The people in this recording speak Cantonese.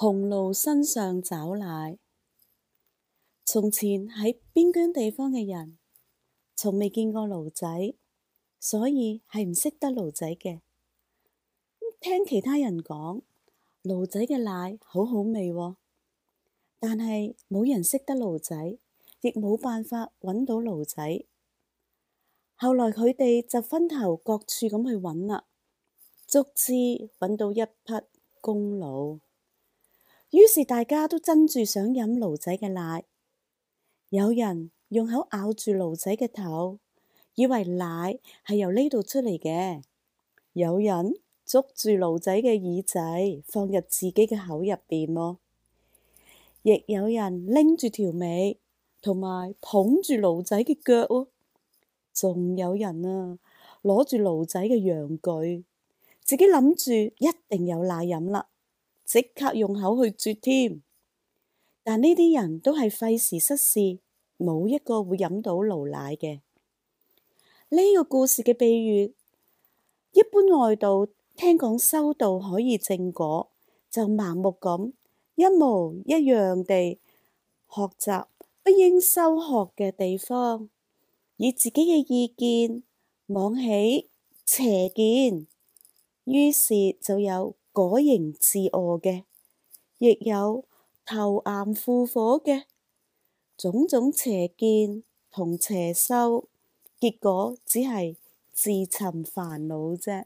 雄驢身上找奶。從前喺邊疆地方嘅人，從未見過驢仔，所以係唔識得驢仔嘅。咁聽其他人講，驢仔嘅奶好好味喎，但係冇人識得驢仔，亦冇辦法揾到驢仔。後來佢哋就分頭各處咁去揾啦、啊，直至揾到一匹公驢。於是大家都爭住想飲驢仔嘅奶，有人用口咬住驢仔嘅頭，以為奶係由呢度出嚟嘅；有人捉住驢仔嘅耳仔放入自己嘅口入邊咯，亦有人拎住條尾同埋捧住驢仔嘅腳喎、哦，仲有人啊攞住驢仔嘅陽具，自己諗住一定有奶飲啦。即刻用口去啜添，但呢啲人都係費時失事，冇一個會飲到牛奶嘅。呢個故事嘅比喻，一般外道聽講修道可以正果，就盲目咁一模一樣地學習不應修學嘅地方，以自己嘅意見妄起邪見，於是就有。果形自惡嘅，亦有投巖赴火嘅，種種邪見同邪修，結果只係自尋煩惱啫。